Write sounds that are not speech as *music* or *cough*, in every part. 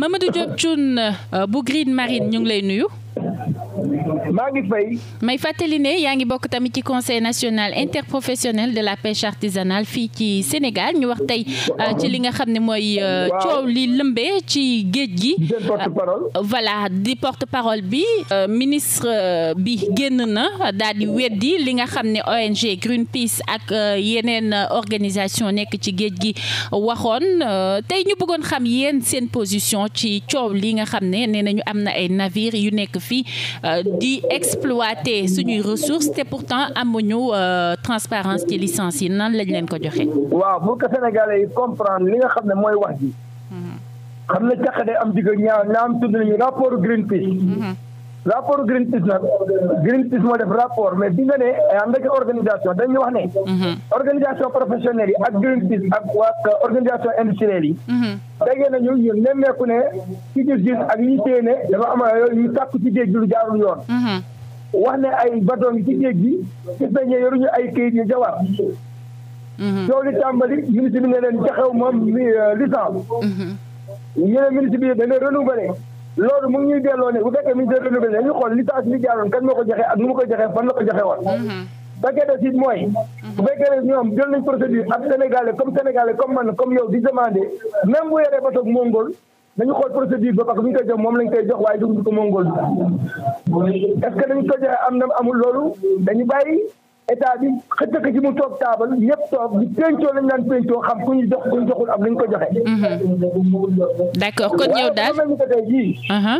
Mamadou Diop Thioune euh, bu Green Marine ñu ngi lay nuyu. maa ngi fay. may fàttali ne yaa ngi bokk tamit ci conseil national interprofessionnel de la pêche artisanale fii ci Sénégal ñu wax tey euh, ci li nga xam ne mooy euh, coow li lëmbee ci géej gi. Euh, voilà di porte parole bi ministre bi génn na daal di weddi li nga xam ne ONG Greenpeace ak yeneen organisation nekk ci géej gi waxoon tey ñu bëggoon xam yéen seen position ci coow li nga xam ne nee nañu am na ay navire yu nekk fii di exploiter suñuy ressources te pourtant amuñu transparence ci licence yi nan lañ leen ko joxe. waaw pour que sénégalais yi comprendre li nga xam ne mooy wax ji. xam ne caq day am digg ñaar ñaam tudd nañu rapport Greenpeace. rapport Greenpeace nag Greenpeace moo def rapport mais bi nga ne am na organisation dañuy wax ne. Mhm. organisation professionnelle yi ak Greenpeace ak waa organisation industrielle yi. Mhm. déggee nañu ñu nemmeeku ne ci gis-gis ak li ñu téye ne dafa am yooyu ñu sàkku ci géej gi lu jaarul yoon. Mhm. wax ne ay bateau ngi ci géej gi gis nañ ne yoruñu ay kayit yu jawaar. coow li tàmbali ministre bi ne leen jaxew moom euh, licence. ñu ne ministre bi dañoo renouvelé. loolu mu ngi ñuy delloo ne bu fekkee ministère renouvelé dañuy xool licence bi jaaroon kan moo ko joxe ak nu mu ko joxe fan la ko joxe woon fekkee de si mooy bu fekkee ne ñoom jël ak sénégalais comme sénégalais comme man comme yow di demandé même bu yoree bateau mongol dañu xool procédure ba parce que bu ñu jox moom lañ koy jox waaye dugg ko mongol est ce que ko joxe am na amul loolu dañu bàyyi état bi xëcc ci mu toog taabal ñëpp toog di pencoo lañ daan pencoo xam ku ñu jox ku ñu joxul am nañ ko joxe. Mhm. Uh-huh.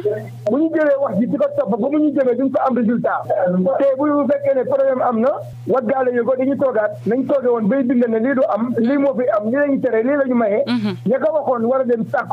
ñu jëlee wax ji ko topp ba ñu jëmee duñ ko am résultat te bu ne problème na waggaale yu ko dañu toogaat woon bay bind ne lii du mhm. a dem sàkk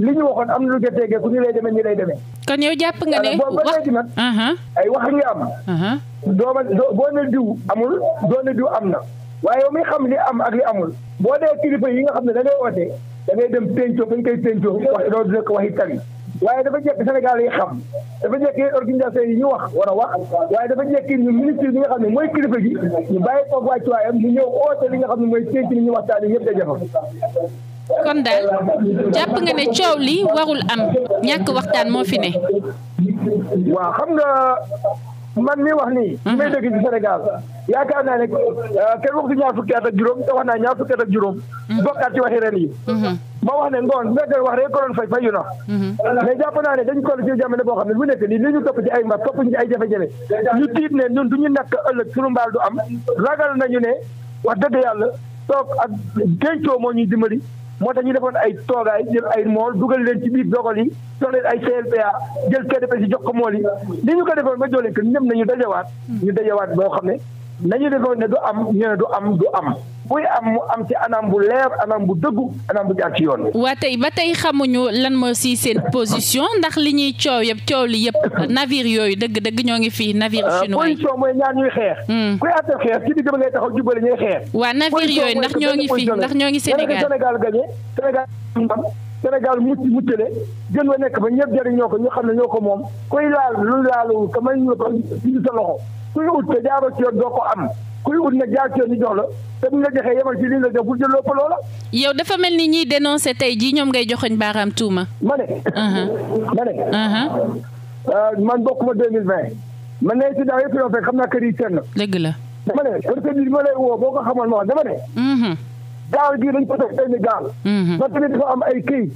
li ñu waxoon am na lu ca tegee ku ñu lay demee ñu lay demee. kon yow jàpp nga ne wax uh-huh. ay wax nga am. Uh-huh. dooma boo ne diw amul doo ne diw am na waaye yow xam li am ak li amul boo dee kilifa yi nga xam ne da ngay oote da ngay dem pencoo fañ koy pencoo wax doo dina ko waxi tari waaye dafa jekk Sénégal yi xam dafa jekk organisation yi ñu wax war a wax waaye dafa jekk ñu ministre bi nga xam ne mooy kilifa gi ñu bàyyi koog wàccuwaayam ñu ñëw oote li nga xam ne mooy penc li ñu waxtaan yi ñëpp da jafa kon daal jàpp nga ne coow li warul am ñàkk waxtaan moo fi ne waaw xam nga man mii wax nii. Mhm. may dëkk ci yaakaar naa ne euh, kenn waxtu ñaar fukki at ak juróom te wax naa ñaar fukki at ak juróom. Mhm. bokkaat ci waxi ren yi. moo mhm. wax ne ngoon bu wax rek ko doon fay fayu na. mais jàpp naa ne dañu toll ci jamono boo xam ne bu nekk nii li ñu topp ci ay mbas topp ci ay jafe-jafe ñu tiit ne ñun du ñu nekk ëllëg suñu mbaal du am ragal nañu ne wax dëgg yàlla toog ak géncoo moo ñuy dimbali. moo tax ñu defoon ay toogaay jël ay mool dugal leen ci biir dogal yi jox leen ay CLPA jël KDP si jox ko mool yi li ñu ko defoon ba jox leen que ñëpp nañu dajawaat hmm. ñu dajawaat boo xam ne nañu defoon ne du am ñu ne du am du am buy am mu am ci anam bu leer anam bu dëggu anam bu jaar ci yoon waa tey ba tey xamuñu lan moo si seen position ndax li ñuy coow yëpp coow li yëpp naviir yooyu dëgg dëgg ñoo ngi fii navire euh, chinois yi position mooy xeex hmm. kuy àtte xeex ci digg ba ngay taxaw jubale ñuy xeex waa navire yooyu ndax ñoo ngi fii ndax ñoo ngi Sénégal Sénégal gagné Sénégal ndam Sénégal mucc muccale jën wa nekk ba ñëpp jëriñ ñoo ko ñu xam ne ñoo ko moom koy laal lu laalu ka may ñu ko kuy ut te jaaroo ci yoon doo ko am kuy ut nag jaar ci yoon ñu jox la te bu ñu la joxee yemal ci li ñu la jox bu jël lópa loola. yow dafa mel ni ñiy dénoncé tey jii ñoom ngay joxoñ baaraam tuuma. ma ne. Uh-huh. ma ne. Uh-huh. Euh, man bokkuma 2020. man ne ci daaw yëpp yoo fekk xam naa kër yi na. dëgg la. dama ne parce ma lay woo ko xamal ma wax dama ne. Mm-hmm. gaal gii dañ ko def benn gaal. ba mm-hmm. tamit dafa am ay kii.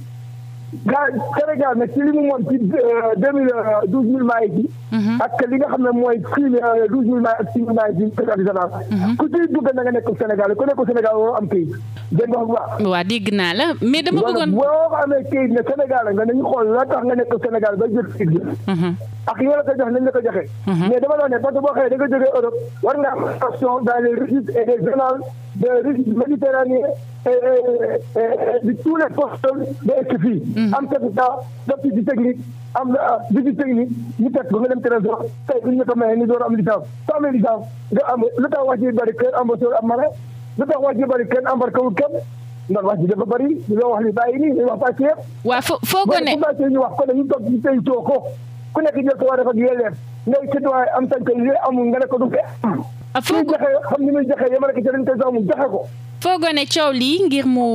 gaa Sénégal nag ci li mu moom ci euh, deux mille euh, douze mille maa yi mhm. ak li nga xam ne mooy six euh, douze mille maa ak six mille maa yi mhm. ci na nga nekk Sénégal ko nekk Sénégal waroo am kayit dégg nga wax waaw dégg naa la mais dama bëggoon boo amee kayit ne Sénégal nga nañu xool la tax nga nekk Sénégal ba jël kayit ak li nga la koy nañ la ko joxe. Mhm. mais dama doon ne parce boo xëyee da nga Europe war nga dans les régions et de régions méditerranéennes et de tous les postes de fii. Mhm. am capital def technique am ah, visite technique ñu teg ba nga dem trésor tey bu ñu la ko mayee ñu door am licence soo amee licence nga am lu tax wax ji bari am mara lu tax wax ji bari kenn embarqué wul kenn ndax wax ji dafa bari loo wax li bàyyi nii wax pàcc yëpp. waaw foo foo ko ne boo ñu wax ko dañuy toog ci tey ko. ku nekk jël ko war ak yelleef ngay citoyen am sañ ko li amul nga ne ko am. affaire bi joxe xam ni muy joxe yemale ko joxe ko. foogoo ne coow lii ngir mu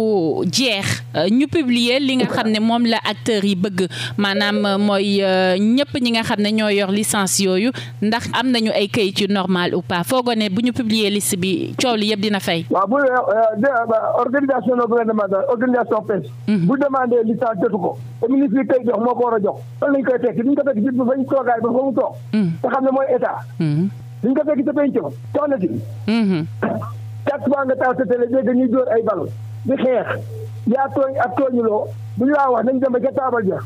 jeex euh, ñu publier li nga xam ne moom la acteurs yi bëgg maanaam euh, mooy euh, ñëpp ñi nga xam ne ñoo yor licence yooyu ndax am nañu ay kayit yu normal ou pas foogoo ne bu ñu publier liste bi coow li yëpp dina fay. waaw bu organisation non gouvernementale organisation PES. Mhm. bu demandé licence jotu ko. te ministre yi koy jox moo ko war a jox. fan lañ koy teg ci ñu ko teg ci biir bañ toogaay ba fa mu toog. Mhm. te xam ne mooy état. Mhm. ñu ko fekk *coughs* chaque fois nga taal sa télé dégg ñuy dóor ay bal di xeex yaa tooñuloo bu ñu laa wax nañ dem ba ca taabal ja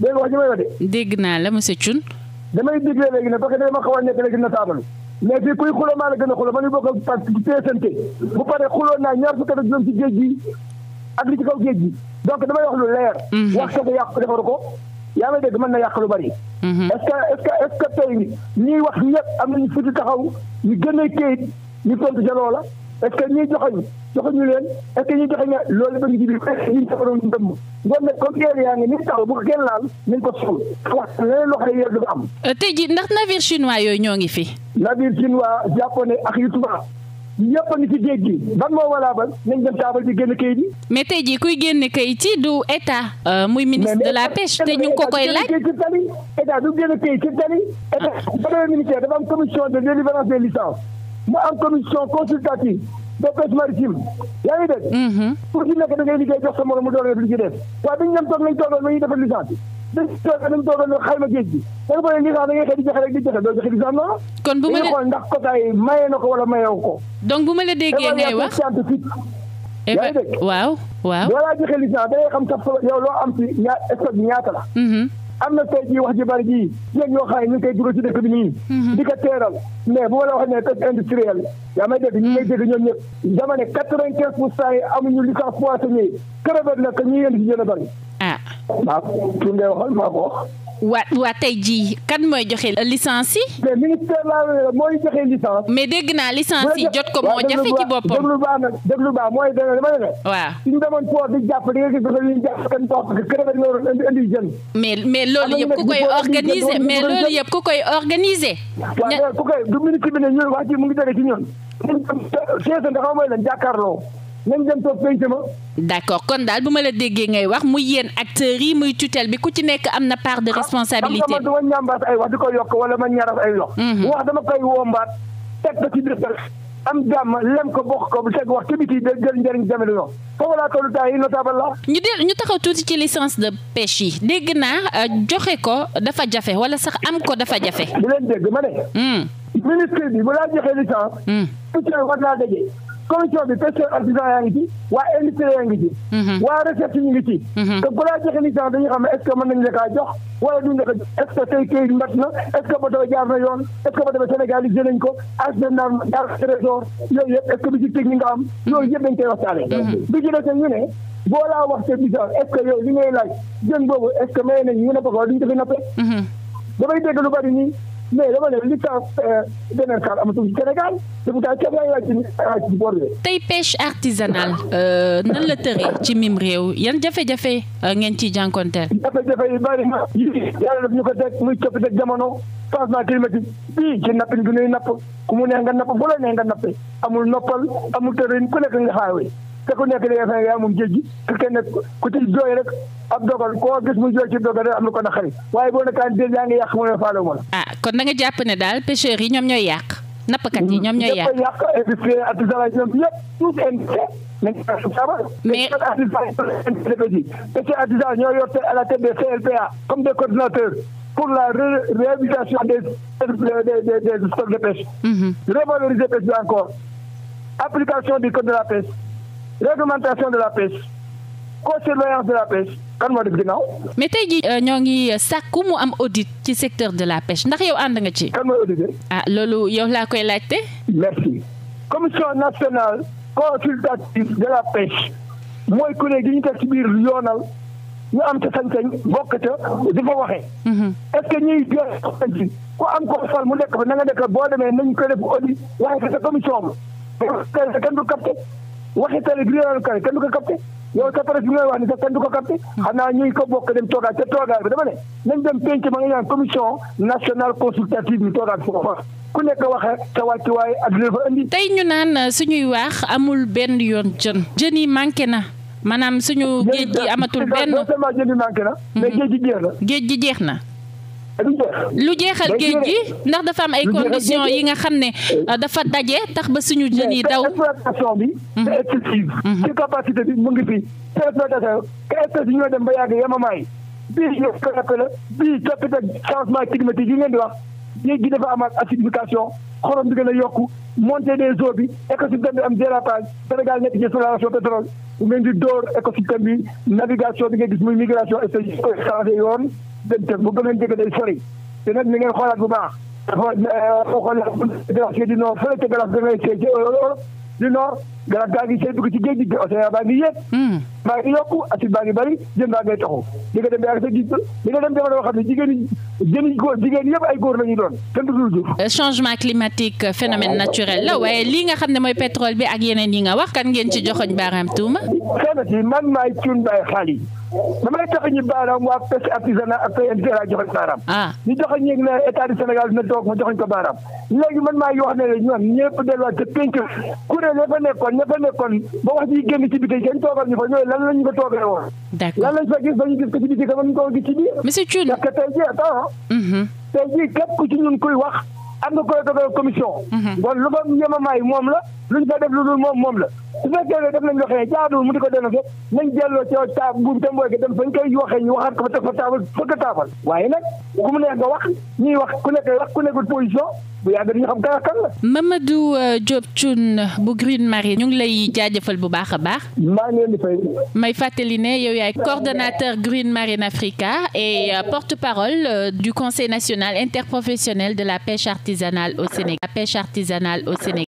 dégg wax ji wax de. dégg naa la monsieur Thioune. damay digle léegi a nekk léegi na taabal mais fii kuy xuloo maa la gën a ma ñu bokk ak parti PSNT bu paree xuloo naa ñaar fukki ak juróom ci géej gi ak li ci kaw géej gi donc damay wax lu leer. Mhm. wax ko yàq defaru ko. yaa ngi dégg mën na yàq lu bari. Mhm. est-ce que est-ce que est-ce que wax ñëpp am nañu fi taxaw ñu gën a kayit ñu tontu ca la est-ce que ñuy joxoñ joxoñu leen est-ce que ñuy joxoñ nga loolu ba ngi ci biir est-ce comme guerre yaa ngi nii taxaw bu kenn laal nañ ko sol wax leneen loo xam dafa am euh, tey jii ndax navire chinois yooyu ñoo ngi fi navire chinois japonais ak yu tubaab yëpp a ngi ci géej gi ban moo walaabal nañ dem taabal bi génn kayit yi mais tey jii kuy génn kayit yi du état euh, muy ministre de la pêche te ñu ko koy laaj ci tali état du génn kayit ci tali état ah. ba ministère dafa am commission mu am commission consultative de pêche maritime yaa ngi dégg. Mhm. pour ñu nekk da ngay liggéey jox sa morom mu doon def li ci def waaye dañu dem da nga di joxe rek di joxe doo joxe licence noonu. kon bu ma ndax quota yi maye ko wala mayewu ko. donc bu ma la wax eh waaw waaw. boo laa joxe da ngay xam sax yow loo am si ña ñaata la. Mhm. am na tey jii wax ji bari jii yéen yoo xam ne ñu ngi koy dugal ci dëkk bi nii. Mhm. di ko teeral mais bu ma la ne pêche industrielle yaa may dégg ñu ñëpp. dama ne quatre-vingt-quinze pour cent yi amuñu licence poissonnier crevette la que ñuy yënd ci jën a bari. ah waaw pour ngay waxal maa ko wax. waa waa tey jii kan mooy joxe licence yi. mais ministère la mooy joxe licence. mais dégg naa licence jot ko moo jafe ci boppam. déglu baax nag déglu baax mooy dana dama ne waaw suñu demoon port di jàpp di nga gis dafa mais loolu yëpp ku koy organiser mais loolu yëpp ku koy organiser. waaw ku koy du ministre bi ne ñun wax ji mu ngi jóge ci ñun. mu ngi dem 16 ans xaw jàkkaarloo. nañ dem toog penc ma. d'accord kon daal bu ma la déggee ngay wax muy yéen acteurs yi muy tutelle bi ku ci nekk am na part de ah, responsabilité. xam nga man dama ñambaas ay wax di ko yokk wala ma ñaras ay lox. Mhm. wax dama koy wombaat teg ko ci biir am jàmm lem ko bokk ko bu teg foofu laa tollu temps yi notable la. ñu del ñu taxaw tuuti ci licence de pêche yi dégg naa euh, joxe ko dafa jafe wala sax am ko dafa jafe. di leen dégg ma ne. Hmm. ministre bi bu laa joxee licence. tutelle hmm. war naa daje. condition bi pêcheur artisan yaa ngi ci waa industrie yaa ngi ci mhm. waa recette ñu ngi ci te mhm. balaa joxe licence dañu xam ne est ce que mën nañu la jox wala duñu la ko jox est ce que tey këyit na jaar na yoon est ce que ba yi nañ ko agden naan jaar trésor yooyu yëpp est bi ci technique nga am mhm. yooyu yëpp dañ koy waxtaane bi ci dese ñu ne boo laa wax te bizarre est ce que yow li ngay laaj jën boobu ko lu bari nii mais dama ne licence euh, beneen kaar amatul Sénégal dafa daal ceeb yaa ngi laaj ci ah, boor bi. tey pêche artisanale euh, nan la tëree ci mim réew yan jafe-jafe euh, ngeen ciy jànkonteel. jafe-jafe yi bari na yi yàlla daf ñu ko teg muy coppiteg jamono changement climatique bii ci nappin bi ñuy napp ku mu neex nga napp bu la neex nga nappe amul noppal amul tërin ku nekk nga xaawee. te ku nekk li nga xam ne yaa moom géej gi te kenn ku ci jooy rek ab dogal koo gis mu jooy ci dogal rek am na ko naqari waaye boo nekkaan déet yaa ngi yàq mu ne faalewu ma la. ah kon da jàpp ne daal pêcheurs yi ñoom ñooy yàq. nappkat yi ñoom ñooy yàq ñëpp yàq industrie artisanat ñoom ñëpp tous industrie nañ mais pêcheurs artisanat ñoo yor à la tête des CLPA comme des coordinateurs pour la réhabilitation des des des stocks de pêche. Mm-hmm. revaloriser pêche bi encore application réglementation de la pêche co-surveillance de la pêche kan moo def ginnaaw. mais tey jii euh, ñoo ngi sàkku mu am audit ci secteur de la pêche ndax yow ànd nga ci. kan mooy auditer. ah loolu yow laa koy laajte. merci commission nationale consultative de la mooy kuréel gi ñu teg ci biir yoonal ñu am ca sañ-sañ bokk ca waxee. Mhm. est-ce que ñuy joxe ku am ko fal mu nekk fa na nga nekk boo demee nañ ko def audit waxee ko commission am. kenn du capté. waxi télé bi réeral kay kenn du ko capté yow sa presse bi ngay wax ni sax kenn du ko capté xanaa ñuy ko bokk dem toogaat ca toogaat bi dama ne nañ dem penc ma nga ñaan commission nationale consultative bi toogaat foofa ku nekk waxee sa wàccuwaay ak li fa indi. tey ñu naan suñuy wax amul benn yoon jën. jën yi manqué na maanaam suñu. géej gi amatul *laughs* benn non seulement jën yi manqué na. mais mhm. géej gi jeex na. géej gi jeex na. lu jeexal géej gi ndax dafa am ay conditions yi nga xam ne euh, dafa daje tax ba suñu jën yi daw. exploitation bi mhm. mhm. ci capacité bi mu ngi fi ci exploitation espèce ñoo dem ba yàgg yemamaay bii yo kanape la bii capita changement climatique yu ngeen di wax géej gi dafa amaat acidification xorom bi gën a yokk montée des eaux bi écosystème bi am dérapage Sénégal nekk ci exploration pétrole bu ngeen di dóor écosystème bi navigation bi nga gis muy migration espèce yi changé yoon dëgg bu gën a jege day sori te nag ni ngeen xoolaat bu baax dafa euh, xool euh, la fédération du nord fële ca Gallas da ngay see ci euh, du garab gaa ngi seen dugg ci géej gi baa ngi yéeg baa hmm. ngi yokku acide baa ngi bëri jën baa ngay taxaw di dem ba xam ne jigéen jën yëpp ay góor la ñuy doon kenn dudul jur euh, changement climatique euh, phénomène naturel la waaye lii nga xam ne mooy pétrole bi ak yeneen yi nga wax kan ngeen ci joxoñ baaraam tuuma xeena si man maay cuun baay xaal yi damay tax ñu baaraam waa pêche artisanat ak PNP laa joxoñ baaraam ah. ñu joxoñ ñeeg ne état du Sénégal dina toog ma joxoñ ko baaraam léegi man maay wax ne ñoom ñëpp delluwaat ca pénc kuréel ya fa nekkoon ña fa nekkoon ba wax ji génn ci biti kenn toogal ñu fa ñooy lan lañu ko toogalee woon. d'accord lan lañ fa gis ba ñu gis ko ci biti dama ñu ko gis ci biir. monsieur Thioune parce que tey jii attends. Ah. Mm-hmm. tey jii képp ku ci ñun kuy wax am nga koy dogal commission. Mm-hmm. bon lu fa ñemamaay moom la luñ fa def lu dul moom moom la. su fekkee ne def nañ loo xam ne ko dénoncé nañ delloo ci ta buum te mbooy ko dem fañ koy ñu waxaat ko fa teg fa waaye nag ku mu wax ñuy wax ku nekk ku nekkul position bu yàgg dañu xam kan kan la. Mamadou euh, Diop Thioune bu Green Marine ñu ngi lay jaajëfal bu baax a baax. may fàttali ne yow yaay coordonnateur Green Marine Africa et euh, porte-parole euh, du conseil national interprofessionnel de la pêche artisanale au Sénégal. la pêche artisanale au Sénégal.